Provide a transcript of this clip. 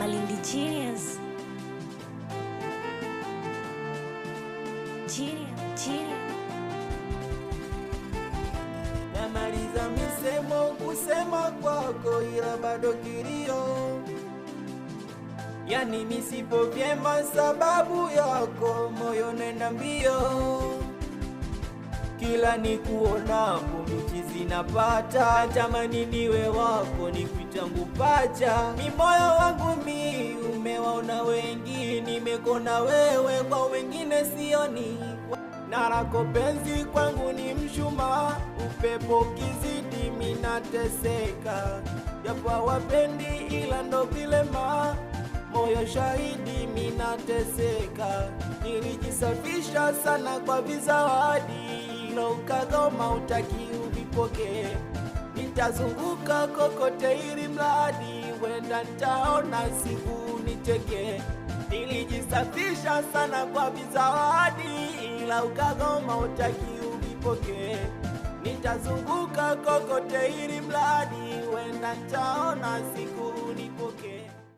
Malindi genius. Namaliza misemo kusema kwako, ila bado kilio, yani misipo vyema sababu yako, moyo nenda mbio, kila nikuonapo ninapata, tamani niwe wako nikwitangu pacha, mimoyo wangu mi umewaona wengi, nimekona wewe kwa wengine sioni, narako penzi kwangu ni mshuma, upepo kizidi minateseka, japo wapendi ila ndo vilema moyo shahidi, minateseka. Nilijisafisha sana kwa vizawadi, ilo ukagoma utakiu nipokee, nitazunguka kokote ili mradi wenda ntaona siku nicheke. Nilijisafisha sana kwa bizawadi, ila ukagoma utaki unipokee, nitazunguka kokote ili mradi wenda ntaona siku nipokee.